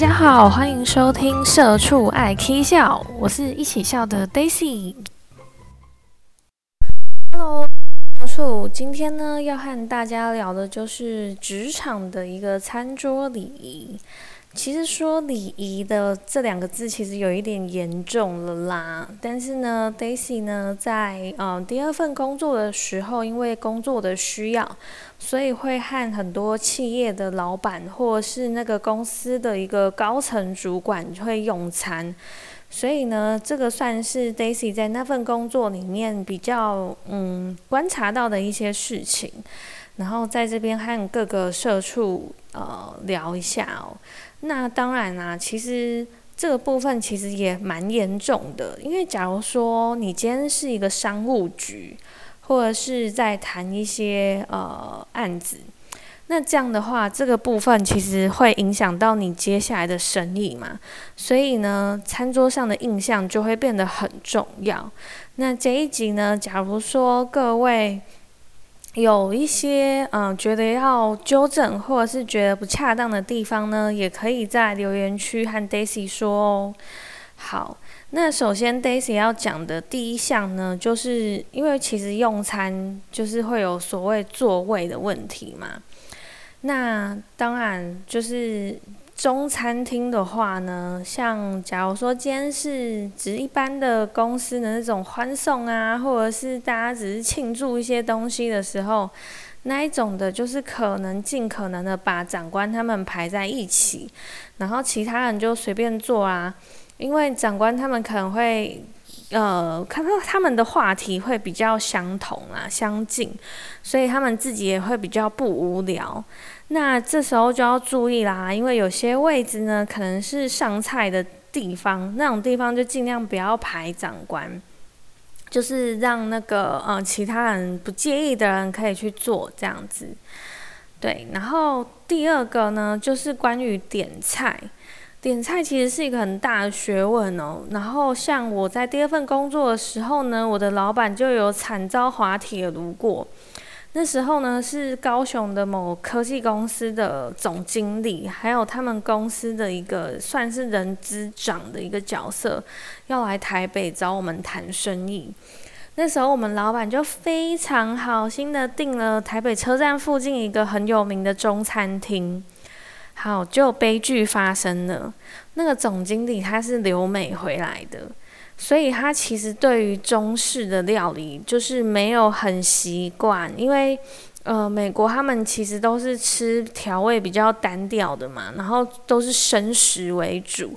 大家好，歡迎收聽《社畜愛 k 笑》，我是一起笑的 Daisy。Hello，今天呢要和大家聊的就是職場的一個餐桌禮儀。其實說禮儀的這兩個字，其實有一點嚴重了啦。但是呢，Daisy 呢，在呃第二份工作的時候，因為工作的需要，所以會和很多企業的老板或是那個公司的一個高層主管會用餐。所以呢，這個算是 Daisy 在那份工作裡面比較嗯觀察到的一些事情。然後在這邊和各個社畜呃聊一下哦。那當然啦、啊，其實這個部分其實也蠻嚴重的，因為假如說你今天是一個商務局，或者是在談一些呃案子，那這樣的話，這個部分其實會影響到你接下來的生意嘛。所以呢，餐桌上的印象就會變得很重要。那這一集呢，假如說各位。有一些嗯、呃，覺得要糾正或者是覺得不恰當的地方呢，也可以在留言區和 Daisy 說哦。好，那首先 Daisy 要講的第一項呢，就是因為其實用餐就是會有所謂座位的問題嘛。那當然就是。中餐廳的話呢，像假如說今天是只是一般的公司的那種歡送啊，或者是大家只是慶祝一些東西的時候，那一種的就是可能盡可能的把長官他們排在一起，然後其他人就隨便坐啊，因為長官他們可能會呃，看到他們的話題會比較相同啊，相近，所以他們自己也會比較不無聊。那這時候就要注意啦，因為有些位置呢，可能是上菜的地方，那種地方就盡量不要排長官，就是讓那個嗯、呃、其他人不介意的人可以去坐這樣子。對，然後第二個呢，就是關於點菜，點菜其實是一個很大的學問哦。然後像我在第二份工作的時候呢，我的老闆就有慘遭滑鐵盧過。那時候呢，是高雄的某科技公司的總經理，還有他們公司的一個算是人資長的一個角色，要來台北找我們談生意。那時候我們老板就非常好心的訂了台北車站附近一個很有名的中餐廳。好，就悲劇發生了。那個總經理他是留美回來的。所以他其實對於中式的料理就是沒有很習慣，因為，呃，美國他們其實都是吃調味比較單調的嘛，然後都是生食為主，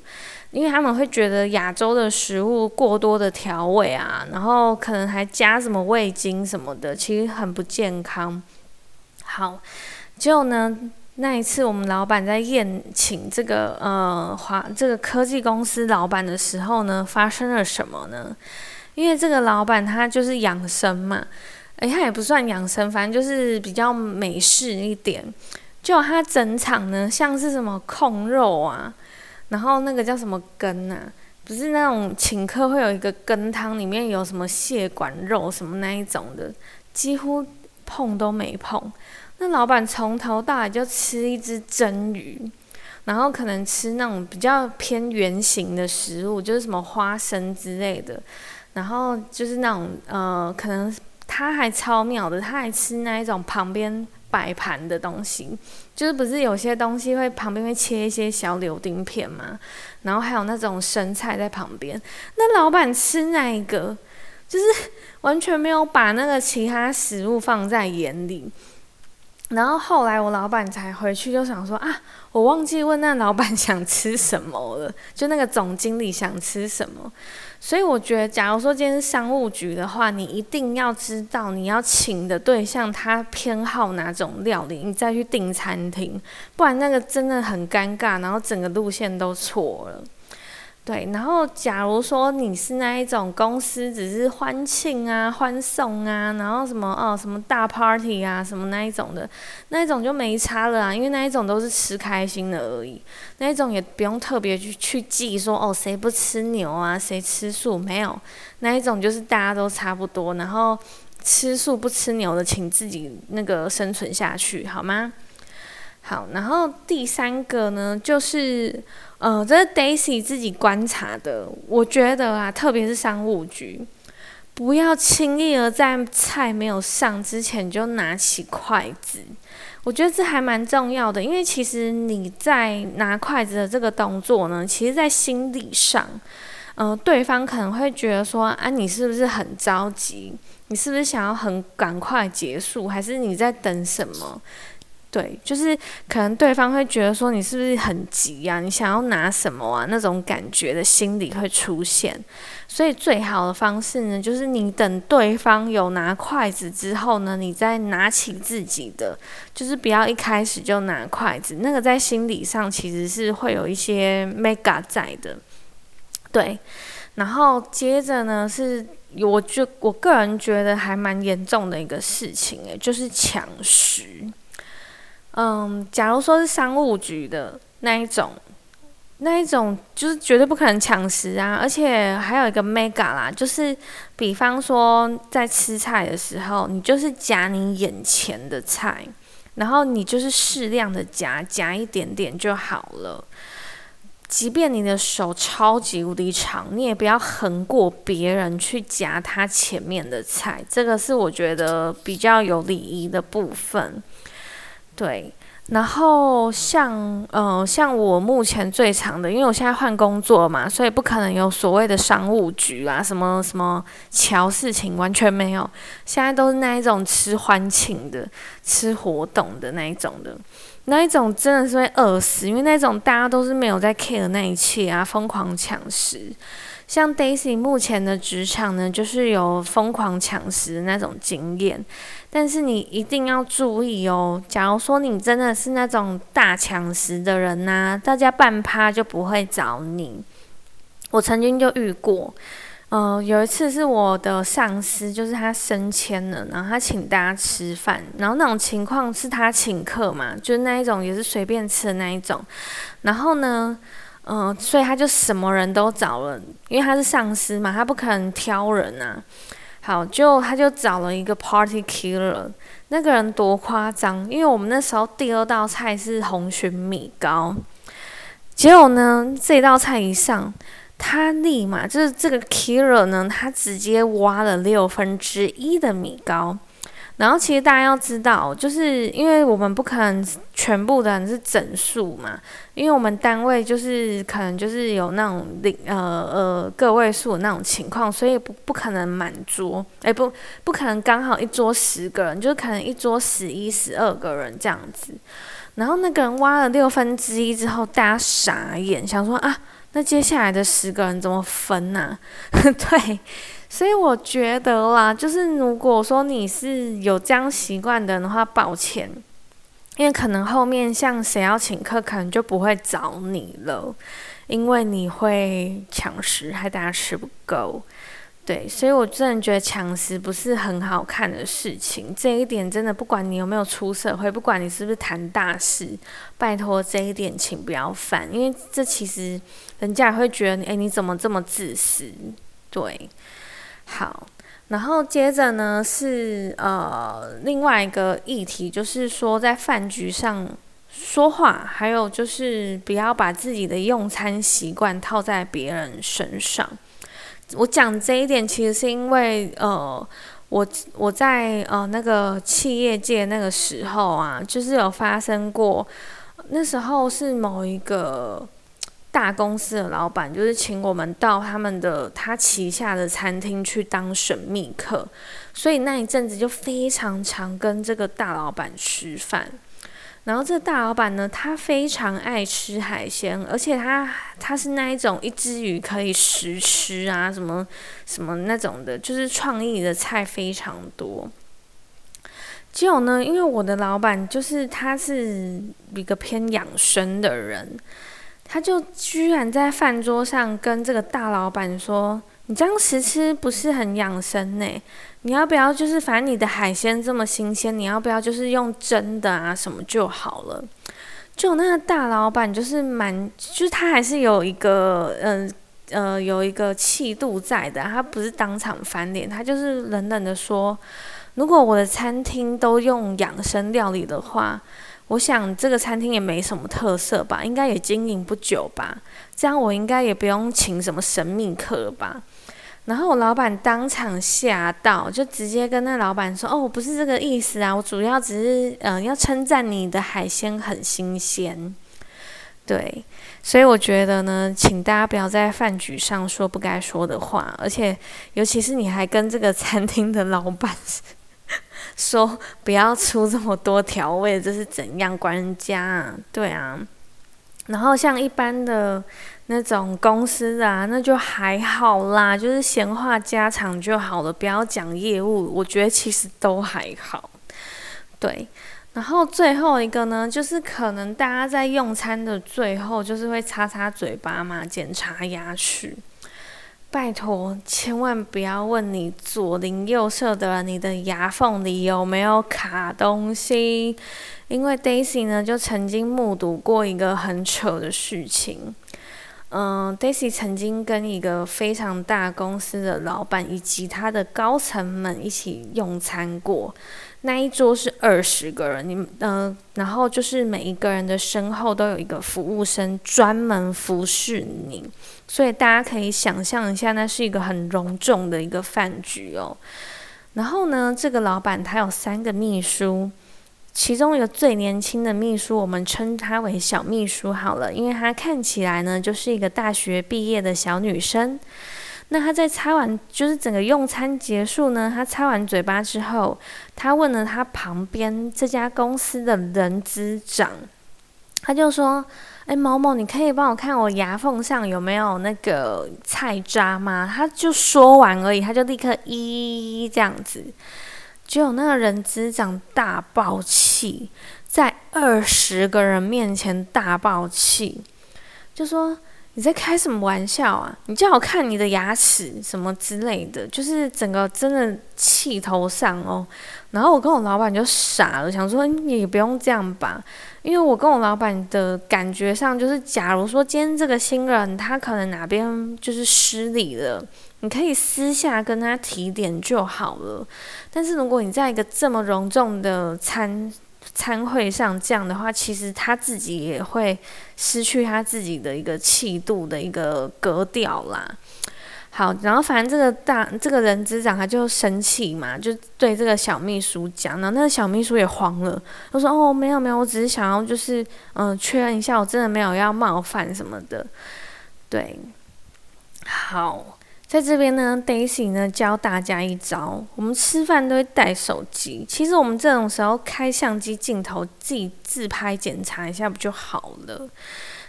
因為他們會覺得亞洲的食物過多的調味啊，然後可能還加什麼味精什麼的，其實很不健康。好，就呢。那一次，我們老板在宴請這個呃華這個科技公司老板的時候呢，發生了什麼呢？因為這個老板他就是養生嘛，誒，他也不算養生，反正就是比較美式一點。就他整場呢，像是什麼控肉啊，然後那個叫什麼羹啊，不是那種請客會有一個羹湯，裡面有什麼蟹管肉什麼那一種的，幾乎碰都沒碰。那老闆從頭到尾就吃一隻蒸魚，然後可能吃那種比較偏圓形的食物，就是什麼花生之類的。然後就是那種呃，可能他還超妙的，他還吃那一種旁邊擺盤的東西，就是不是有些東西會旁邊會切一些小柳丁片嘛，然後還有那種生菜在旁邊。那老闆吃那一個，就是完全沒有把那個其他食物放在眼裡。然後後來我老板才回去，就想說啊，我忘記問那老板想吃什麼了，就那個總經理想吃什麼。所以我覺得，假如說今天是商務局的話，你一定要知道你要請的對象他偏好哪種料理，你再去訂餐廳，不然那個真的很尷尬，然後整個路線都錯了。對，然後假如說你是那一種公司，只是歡慶啊、歡送啊，然後什麼哦、什麼大 party 啊，什麼那一種的，那一種就沒差了啊，因為那一種都是吃開心的而已，那一種也不用特別去去記說哦，誰不吃牛啊，誰吃素沒有，那一種就是大家都差不多，然後吃素不吃牛的，請自己那個生存下去，好嗎？好，然後第三個呢，就是，呃，這是 Daisy 自己觀察的。我覺得啊，特別是商務局，不要輕易的在菜沒有上之前就拿起筷子。我覺得這還蠻重要的，因為其實你在拿筷子的這個動作呢，其實在心理上，呃，對方可能會覺得說，啊，你是不是很着急？你是不是想要很趕快結束？還是你在等什麼？對，就是可能對方會覺得說你是不是很急啊？你想要拿什麼啊？那種感覺的心理會出現。所以最好的方式呢，就是你等對方有拿筷子之後呢，你再拿起自己的，就是不要一開始就拿筷子。那個在心理上其實是會有一些 mega 在的。對，然後接着呢是，我覺我個人覺得還蠻嚴重的一個事情誒，就是搶食。嗯，假如說是商務局的那一種，那一種就是絕對不可能搶食啊！而且還有一個 mega 啦，就是比方說在吃菜的時候，你就是夾你眼前的菜，然後你就是適量的夾，夾一點點就好了。即便你的手超級無敵長，你也不要橫過別人去夾他前面的菜。這個是我覺得比較有禮儀的部分。對，然後像呃，像我目前最長的，因為我現在換工作嘛，所以不可能有所謂的商務局啊，什麼什麼喬事情，完全沒有。現在都是那一種吃歡慶的、吃活動的那一種的，那一種真的是會餓死，因為那種大家都是沒有在 care 那一切啊，瘋狂搶食。像 Daisy 目前的職場呢，就是有瘋狂搶食那種經驗，但是你一定要注意哦。假如說你真的是那種大搶食的人吶、啊，大家半趴就不會找你。我曾經就遇過，嗯、呃，有一次是我的上司，就是他升遷了，然後他請大家吃飯，然後那種情況是他請客嘛，就是那一種也是隨便吃的那一種，然後呢？嗯，所以他就什麼人都找了，因為他是上司嘛，他不可能挑人啊。好，就他就找了一個 party killer，那個人多誇張！因為我們那時候第二道菜是紅蟳米糕，結果呢，這道菜一上，他立馬就是這個 killer 呢，他直接挖了六分之一的米糕。然後其實大家要知道，就是因為我們不可能全部的人是整數嘛，因為我們單位就是可能就是有那種零呃呃個位數那種情況，所以不不可能滿桌，誒、欸，不不可能剛好一桌十個人，就是可能一桌十一十二個人這樣子。然後那個人挖了六分之一之後，大家傻眼，想說啊，那接下來的十個人怎麼分呢、啊？ 對。所以我覺得啦，就是如果說你是有這樣習慣的人的話，抱歉，因為可能後面像誰要請客，可能就不會找你了，因為你會搶食，害大家吃不夠。對，所以我個人覺得搶食不是很好看的事情。這一點真的，不管你有沒有出社會，不管你是不是談大事，拜托這一點請不要犯，因為這其實人家也會覺得，哎，你怎麼這麼自私？對。好，然後接着呢是呃另外一個議題，就是說在飯局上說話，還有就是不要把自己的用餐習慣套在別人身上。我講這一點其實是因為呃我我在呃那個企業界那個時候啊，就是有發生過，那時候是某一個。大公司的老闆就是請我們到他們的他旗下的餐廳去當神秘客，所以那一陣子就非常常跟這個大老闆吃飯。然後這大老闆呢，他非常愛吃海鮮，而且他他是那一種一隻魚可以十吃啊，什麼什麼那種的，就是創意的菜非常多。只有呢，因為我的老闆就是他是一個偏養生的人。他就居然在飯桌上跟這個大老闆說：“你這樣吃吃不是很養生耶？你要不要就是，反正你的海鮮這麼新鮮，你要不要就是用蒸的啊，什麼就好了？”就那個大老闆就是蠻，就是他還是有一個嗯呃，呃，有一個氣度在的，他不是當場翻臉，他就是冷冷的說：“如果我的餐廳都用養生料理的話。”我想這個餐廳也沒什麼特色吧，應該也經營不久吧，這樣我應該也不用請什麼神秘客吧。然後我老闆當場嚇到，就直接跟那老闆說：“哦，我不是這個意思啊，我主要只是嗯、呃、要稱讚你的海鮮很新鮮。”對，所以我覺得呢，請大家不要在飯局上說不該說的話，而且尤其是你還跟這個餐廳的老闆。說不要出這麼多調味，這是怎樣管家啊？對啊，然後像一般的那種公司的、啊，那就還好啦，就是閒話家常就好了，不要講業務。我覺得其實都還好，對。然後最後一個呢，就是可能大家在用餐的最後，就是會擦擦嘴巴嘛，檢查牙齒。拜託，千萬不要問你左鄰右舍的，你的牙縫裡有沒有卡東西，因為 Daisy 呢就曾經目睹過一個很扯的事情。嗯、呃，Daisy 曾經跟一個非常大公司的老闆以及他的高層們一起用餐過。那一桌是二十個人，你嗯、呃，然後就是每一個人的身後都有一個服務生專門服侍您，所以大家可以想象一下，那是一個很隆重的一個飯局哦。然後呢，這個老板他有三個秘書，其中一個最年輕的秘書，我們稱他為小秘書好了，因為他看起來呢就是一個大學畢業的小女生。那他在擦完，就是整個用餐結束呢。他擦完嘴巴之後，他問了他旁邊這家公司的人資長，他就說：“哎、欸，某某，你可以幫我看我牙縫上有沒有那個菜渣嗎？”他就說完而已，他就立刻一這樣子，只有那個人資長大爆氣，在二十個人面前大爆氣，就說。你在開什麼玩笑啊？你叫我看你的牙齒什麼之類的，就是整個真的氣頭上哦。然後我跟我老闆就傻了，想說你也不用這樣吧，因為我跟我老闆的感覺上就是，假如說今天這個新人他可能哪邊就是失禮了，你可以私下跟他提點就好了。但是如果你在一個這麼隆重的餐，餐會上這樣的話，其實他自己也會失去他自己的一個氣度的一個格調啦。好，然後反正這個大這個人資長他就生氣嘛，就對這個小秘書講，然後那個小秘書也慌了，他說：“哦，沒有沒有，我只是想要就是嗯、呃、確認一下，我真的沒有要冒犯什麼的。”對，好。在這邊呢，Daisy 呢教大家一招。我們吃飯都會帶手機，其實我們這種時候開相機鏡頭自己自拍檢查一下不就好了？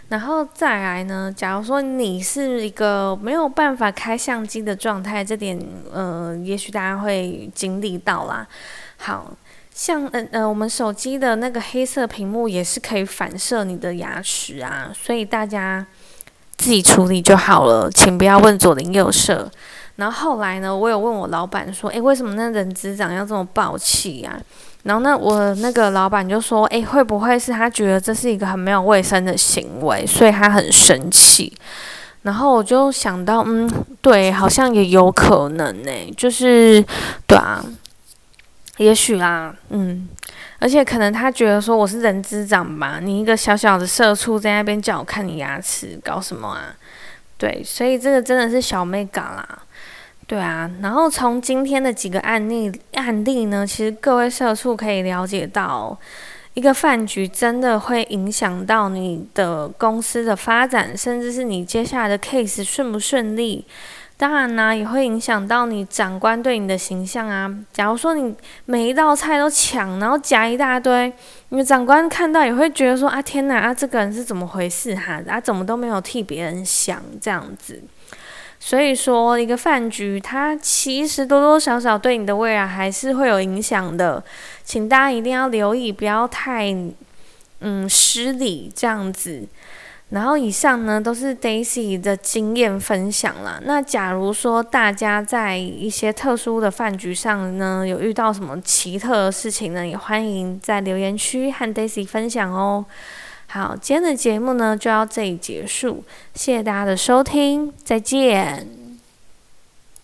然後再來呢，假如說你是一個沒有辦法開相機的狀態，這點呃，也許大家會經歷到啦。好像呃呃，我們手機的那個黑色屏幕也是可以反射你的牙齒啊，所以大家。自己處理就好了，請不要問左鄰右舍。然後後來呢，我有問我老板說：“誒，為什麼那人資長要這麼爆氣啊？”然後那我那個老板就說：“誒，會不會是他覺得這是一個很沒有衛生的行為，所以他很生氣？”然後我就想到，嗯，對，好像也有可能呢、欸，就是，對啊，也許啦、啊，嗯。而且可能他覺得說，我是人資長吧，你一個小小的社畜在那邊叫我看你牙齒，搞什麼啊？對，所以這個真的是小妹感啦，對啊。然後從今天的幾個案例案例呢，其實各位社畜可以了解到，一個飯局真的會影響到你的公司的發展，甚至是你接下來的 case 順不順利。當然啦、啊，也會影響到你長官對你的形象啊。假如說你每一道菜都搶，然後夾一大堆，你們長官看到也會覺得說啊，天哪，啊這個人是怎麼回事哈、啊？啊怎麼都沒有替別人想這樣子？所以說，一個飯局，它其實多多少少對你的未來、啊、還是會有影響的，請大家一定要留意，不要太嗯失禮這樣子。然後以上呢都是 Daisy 的經驗分享啦。那假如說大家在一些特殊的飯局上呢，有遇到什麼奇特的事情呢，也歡迎在留言區和 Daisy 分享哦。好，今天的節目呢就到這裡結束，謝謝大家的收聽，再見。